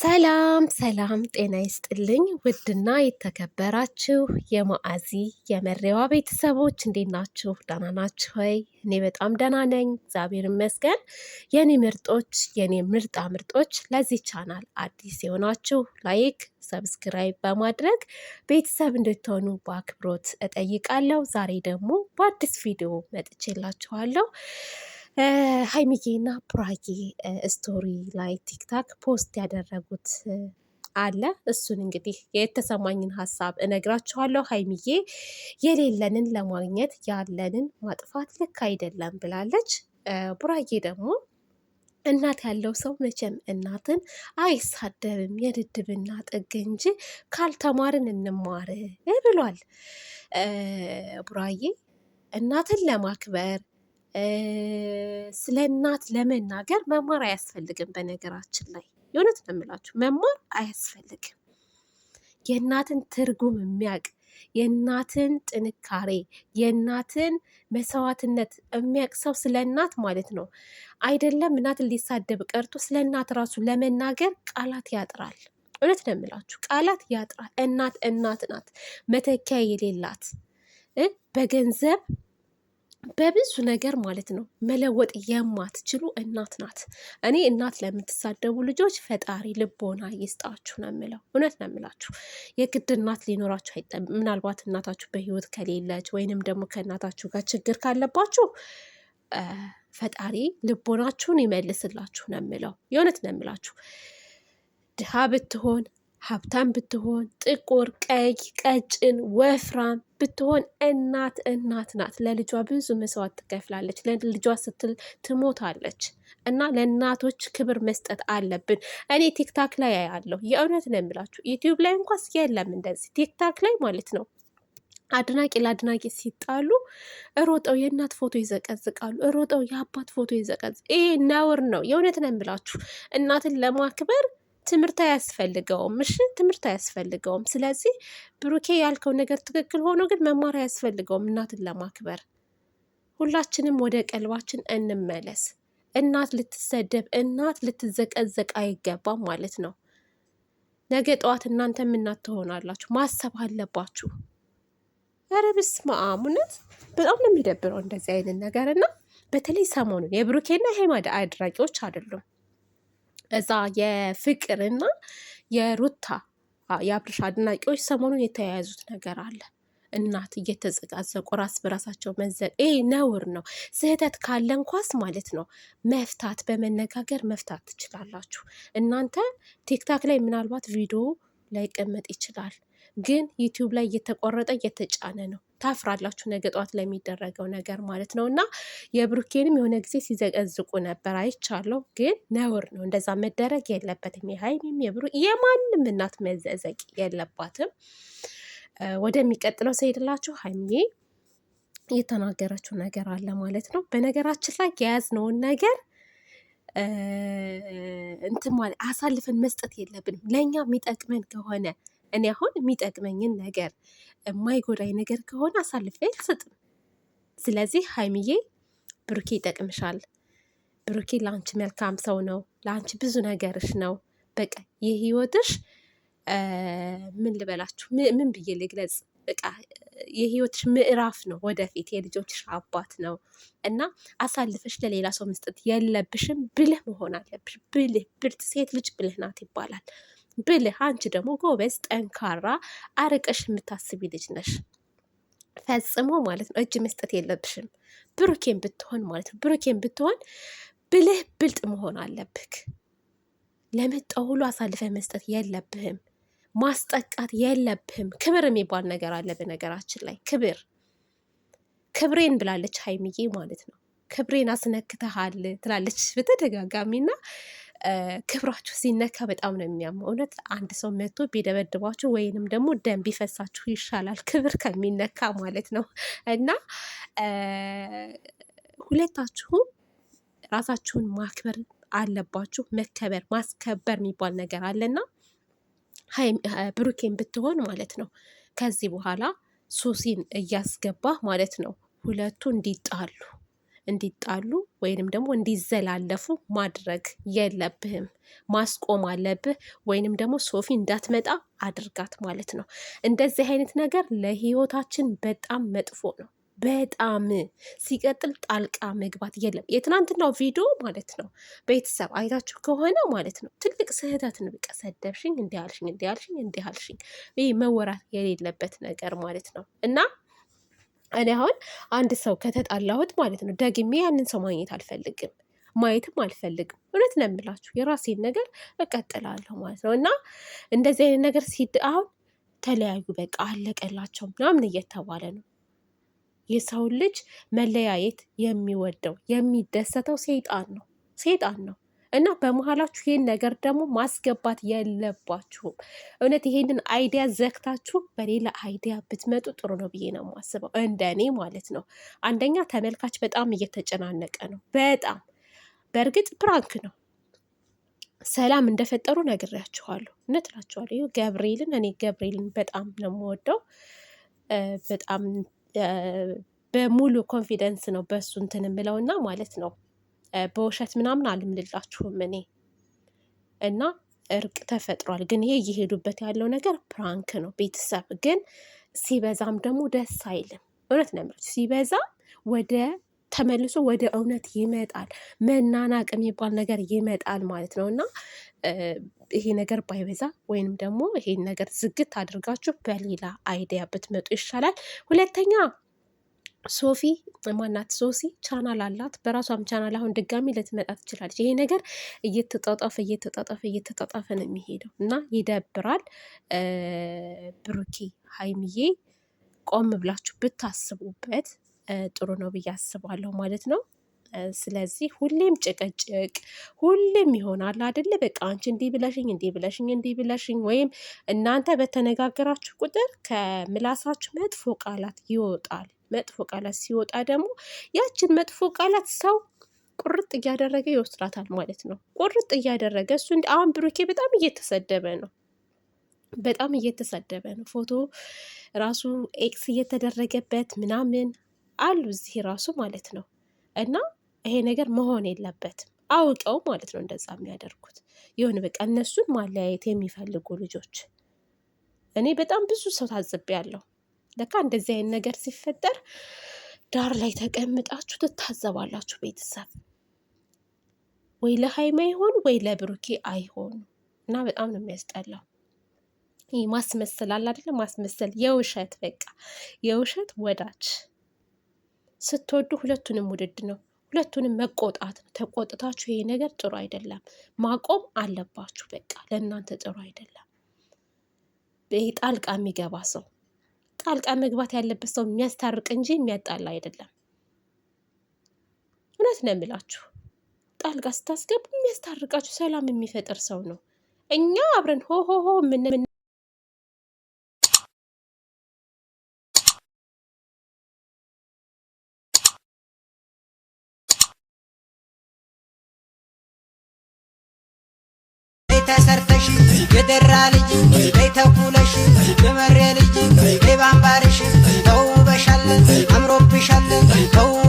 ሰላም ሰላም፣ ጤና ይስጥልኝ ውድና የተከበራችሁ የማዓዚ የመሬዋ ቤተሰቦች እንዴት ናችሁ? ደህና ናችሁ ወይ? እኔ በጣም ደህና ነኝ፣ እግዚአብሔር ይመስገን። የኔ ምርጦች፣ የኔ ምርጣ ምርጦች፣ ለዚህ ቻናል አዲስ የሆናችሁ ላይክ፣ ሰብስክራይብ በማድረግ ቤተሰብ እንድትሆኑ በአክብሮት እጠይቃለሁ። ዛሬ ደግሞ በአዲስ ቪዲዮ መጥቼላችኋለሁ። ና ቡራጌ ስቶሪ ላይ ቲክታክ ፖስት ያደረጉት አለ እሱን እንግዲህ የተሰማኝን ሀሳብ እነግራችኋለሁ። ሀይሚዬ የሌለንን ለማግኘት ያለንን ማጥፋት ልክ አይደለም ብላለች። ቡራጌ ደግሞ እናት ያለው ሰው መቼም እናትን አይሳደብም፣ የድድብና ጥግ እንጂ ካልተማርን እንማር ብሏል ቡራዬ እናትን ለማክበር ስለ እናት ለመናገር መማር አያስፈልግም። በነገራችን ላይ የእውነት ነው የምላችሁ መማር አያስፈልግም። የእናትን ትርጉም የሚያውቅ የእናትን ጥንካሬ የእናትን መሰዋትነት የሚያውቅ ሰው ስለ እናት ማለት ነው አይደለም እናትን ሊሳደብ ቀርቶ ስለ እናት ራሱ ለመናገር ቃላት ያጥራል። እውነት ነው የምላችሁ ቃላት ያጥራል። እናት እናት ናት፣ መተኪያ የሌላት በገንዘብ በብዙ ነገር ማለት ነው መለወጥ የማትችሉ እናት ናት። እኔ እናት ለምትሳደቡ ልጆች ፈጣሪ ልቦና ይስጣችሁ ነው የምለው። እውነት ነው የምላችሁ። የግድ እናት ሊኖራችሁ አይጠብም። ምናልባት እናታችሁ በህይወት ከሌለች ወይንም ደግሞ ከእናታችሁ ጋር ችግር ካለባችሁ ፈጣሪ ልቦናችሁን ይመልስላችሁ ነው የምለው። የእውነት ነው የምላችሁ። ድሃ ብትሆን ሀብታም ብትሆን ጥቁር፣ ቀይ፣ ቀጭን፣ ወፍራም ብትሆን እናት እናት ናት። ለልጇ ብዙ መስዋዕት ትከፍላለች። ለልጇ ስትል ትሞታለች። እና ለእናቶች ክብር መስጠት አለብን። እኔ ቲክታክ ላይ ያለው የእውነት ነው የምላችሁ ዩቲዩብ ላይ እንኳስ የለም እንደዚህ ቲክታክ ላይ ማለት ነው። አድናቂ ለአድናቂ ሲጣሉ ሮጠው የእናት ፎቶ ይዘቀዝቃሉ፣ ሮጠው የአባት ፎቶ ይዘቀዝ። ይሄ ነውር ነው። የእውነት ነው የምላችሁ እናትን ለማክበር ትምህርት አያስፈልገውም። እሺ ትምህርት አያስፈልገውም። ስለዚህ ብሩኬ ያልከው ነገር ትክክል ሆኖ ግን መማር አያስፈልገውም። እናትን ለማክበር ሁላችንም ወደ ቀልባችን እንመለስ። እናት ልትሰደብ፣ እናት ልትዘቀዘቅ አይገባም ማለት ነው። ነገ ጠዋት እናንተም እናት ትሆናላችሁ፣ ማሰብ አለባችሁ። ኧረ በስመ አብ! እውነት በጣም ነው የሚደብረው እንደዚህ አይነት ነገር እና በተለይ ሰሞኑን የብሩኬና ሄማዳ አድራቂዎች አይደሉም። እዛ የፍቅርና የሩታ የአብርሽ አድናቂዎች ሰሞኑን የተያያዙት ነገር አለ። እናት እየተዘጋዘቁ ራስ በራሳቸው መዘ ይሄ ነውር ነው። ስህተት ካለ እንኳስ ማለት ነው መፍታት በመነጋገር መፍታት ትችላላችሁ። እናንተ ቲክታክ ላይ ምናልባት ቪዲዮ ላይቀመጥ ይችላል ግን ዩቲዩብ ላይ እየተቆረጠ እየተጫነ ነው። ታፍራላችሁ ነገ ጠዋት ለሚደረገው ነገር ማለት ነው። እና የብሩኬንም የሆነ ጊዜ ሲዘቀዝቁ ነበር አይቻለሁ። ግን ነውር ነው፣ እንደዛ መደረግ የለበትም። የሀይሚም የብሩ የማንም እናት መዘዘቅ የለባትም። ወደሚቀጥለው ሰሄድላችሁ ሀይሚዬ የተናገረችው ነገር አለ ማለት ነው። በነገራችን ላይ የያዝነውን ነገር እንትን ማለት አሳልፈን መስጠት የለብንም ለእኛ የሚጠቅመን ከሆነ እኔ አሁን የሚጠቅመኝን ነገር የማይጎዳኝ ነገር ከሆነ አሳልፌ አልሰጥም። ስለዚህ ሀይሚዬ ብሩኬ ይጠቅምሻል። ብሩኬ ለአንቺ መልካም ሰው ነው። ለአንቺ ብዙ ነገርሽ ነው። በቃ የህይወትሽ ምን ልበላችሁ፣ ምን ብዬ ልግለጽ? በቃ የህይወትሽ ምዕራፍ ነው። ወደፊት የልጆችሽ አባት ነው እና አሳልፈሽ ለሌላ ሰው መስጠት የለብሽም። ብልህ መሆን አለብሽ። ብልህ ብርት ሴት ልጅ ብልህ ናት ይባላል። ብልህ፣ አንቺ ደግሞ ጎበዝ፣ ጠንካራ፣ አርቀሽ የምታስቢ ልጅ ነሽ። ፈጽሞ ማለት ነው እጅ መስጠት የለብሽም። ብሩኬን ብትሆን ማለት ነው ብሩኬን ብትሆን ብልህ ብልጥ መሆን አለብክ። ለመጣው ሁሉ አሳልፈ መስጠት የለብህም። ማስጠቃት የለብህም። ክብር የሚባል ነገር አለ። በነገራችን ላይ ክብር ክብሬን ብላለች ሀይሚዬ ማለት ነው። ክብሬን አስነክተሃል ትላለች በተደጋጋሚና ክብራችሁ ሲነካ በጣም ነው የሚያመው። እውነት አንድ ሰው መቶ ቢደበድባችሁ ወይንም ደግሞ ደም ቢፈሳችሁ ይሻላል ክብር ከሚነካ ማለት ነው። እና ሁለታችሁም ራሳችሁን ማክበር አለባችሁ። መከበር ማስከበር የሚባል ነገር አለና ብሩኬን ብትሆን ማለት ነው ከዚህ በኋላ ሱሲን እያስገባ ማለት ነው ሁለቱ እንዲጣሉ እንዲጣሉ ወይንም ደግሞ እንዲዘላለፉ ማድረግ የለብህም። ማስቆም አለብህ ወይንም ደግሞ ሶፊ እንዳትመጣ አድርጋት ማለት ነው። እንደዚህ አይነት ነገር ለህይወታችን በጣም መጥፎ ነው። በጣም ሲቀጥል ጣልቃ መግባት የለም። የትናንትናው ቪዲዮ ማለት ነው ቤተሰብ አይታችሁ ከሆነ ማለት ነው ትልቅ ስህተት ነው። በቃ ሰደብሽኝ፣ እንዲህ አልሽኝ፣ እንዲህ አልሽኝ፣ እንዲህ አልሽኝ። ይህ መወራት የሌለበት ነገር ማለት ነው እና እኔ አሁን አንድ ሰው ከተጣላሁት ማለት ነው ደግሜ ያንን ሰው ማግኘት አልፈልግም፣ ማየትም አልፈልግም። እውነት ነው የምላችሁ የራሴን ነገር እቀጥላለሁ ማለት ነው። እና እንደዚህ አይነት ነገር ሲድ አሁን ተለያዩ በቃ አለቀላቸው ምናምን እየተባለ ነው። የሰውን ልጅ መለያየት የሚወደው የሚደሰተው ሰይጣን ነው፣ ሰይጣን ነው። እና በመሀላችሁ ይሄን ነገር ደግሞ ማስገባት የለባችሁም። እውነት ይሄንን አይዲያ ዘግታችሁ በሌላ አይዲያ ብትመጡ ጥሩ ነው ብዬ ነው የማስበው፣ እንደኔ ማለት ነው። አንደኛ ተመልካች በጣም እየተጨናነቀ ነው። በጣም በእርግጥ ፕራንክ ነው። ሰላም እንደፈጠሩ ነግሬያችኋለሁ። እውነት እላችኋለሁ። ገብርኤልን እኔ ገብርኤልን በጣም ነው የምወደው። በጣም በሙሉ ኮንፊደንስ ነው በእሱ እንትን የምለውና ማለት ነው በውሸት ምናምን አልምልላችሁም እኔ እና እርቅ ተፈጥሯል። ግን ይሄ እየሄዱበት ያለው ነገር ፕራንክ ነው። ቤተሰብ ግን ሲበዛም ደግሞ ደስ አይልም። እውነት ነምረች ሲበዛም ወደ ተመልሶ ወደ እውነት ይመጣል። መናናቅ የሚባል ነገር ይመጣል ማለት ነው እና ይሄ ነገር ባይበዛ ወይንም ደግሞ ይሄን ነገር ዝግት አድርጋችሁ በሌላ አይዲያ ብትመጡ ይሻላል። ሁለተኛ ሶፊ ማናት ሶሲ ቻናል አላት። በራሷም ቻናል አሁን ድጋሚ ልትመጣ ትችላለች። ይሄ ነገር እየተጣጣፈ እየተጣጣፈ እየተጣጣፈ ነው የሚሄደው እና ይደብራል። ብሩኬ ሀይሚዬ ቆም ብላችሁ ብታስቡበት ጥሩ ነው ብዬ አስባለሁ ማለት ነው። ስለዚህ ሁሌም ጭቅጭቅ ሁሌም ይሆናል አደለ? በቃ አንቺ እንዲህ ብለሽኝ እንዲህ ብለሽኝ እንዲህ ብለሽኝ፣ ወይም እናንተ በተነጋገራችሁ ቁጥር ከምላሳችሁ መጥፎ ቃላት ይወጣል መጥፎ ቃላት ሲወጣ ደግሞ ያችን መጥፎ ቃላት ሰው ቁርጥ እያደረገ ይወስዳታል ማለት ነው። ቁርጥ እያደረገ እሱ አሁን ብሩኬ በጣም እየተሰደበ ነው በጣም እየተሰደበ ነው። ፎቶ ራሱ ኤክስ እየተደረገበት ምናምን አሉ እዚህ ራሱ ማለት ነው። እና ይሄ ነገር መሆን የለበትም አውቀው ማለት ነው እንደዛ የሚያደርጉት የሆነ በቃ እነሱን ማለያየት የሚፈልጉ ልጆች እኔ በጣም ብዙ ሰው ታዝቤያለሁ። ለካ እንደዚህ አይነት ነገር ሲፈጠር ዳር ላይ ተቀምጣችሁ ትታዘባላችሁ። ቤተሰብ ወይ ለሀይሚ አይሆን ወይ ለብሩኬ አይሆን እና በጣም ነው የሚያስጠላው። ይህ ማስመሰል አለ አይደለ? ማስመሰል የውሸት በቃ የውሸት ወዳጅ ስትወዱ ሁለቱንም ውድድ ነው ሁለቱንም መቆጣት ነው። ተቆጥታችሁ ይሄ ነገር ጥሩ አይደለም ማቆም አለባችሁ። በቃ ለእናንተ ጥሩ አይደለም። ጣልቃ የሚገባ ሰው ጣልቃ መግባት ያለበት ሰው የሚያስታርቅ እንጂ የሚያጣላ አይደለም። እውነት ነው የምላችሁ። ጣልቃ ስታስገቡ የሚያስታርቃችሁ ሰላም የሚፈጥር ሰው ነው። እኛ አብረን ሆሆሆ! ምን ተሰርተ kau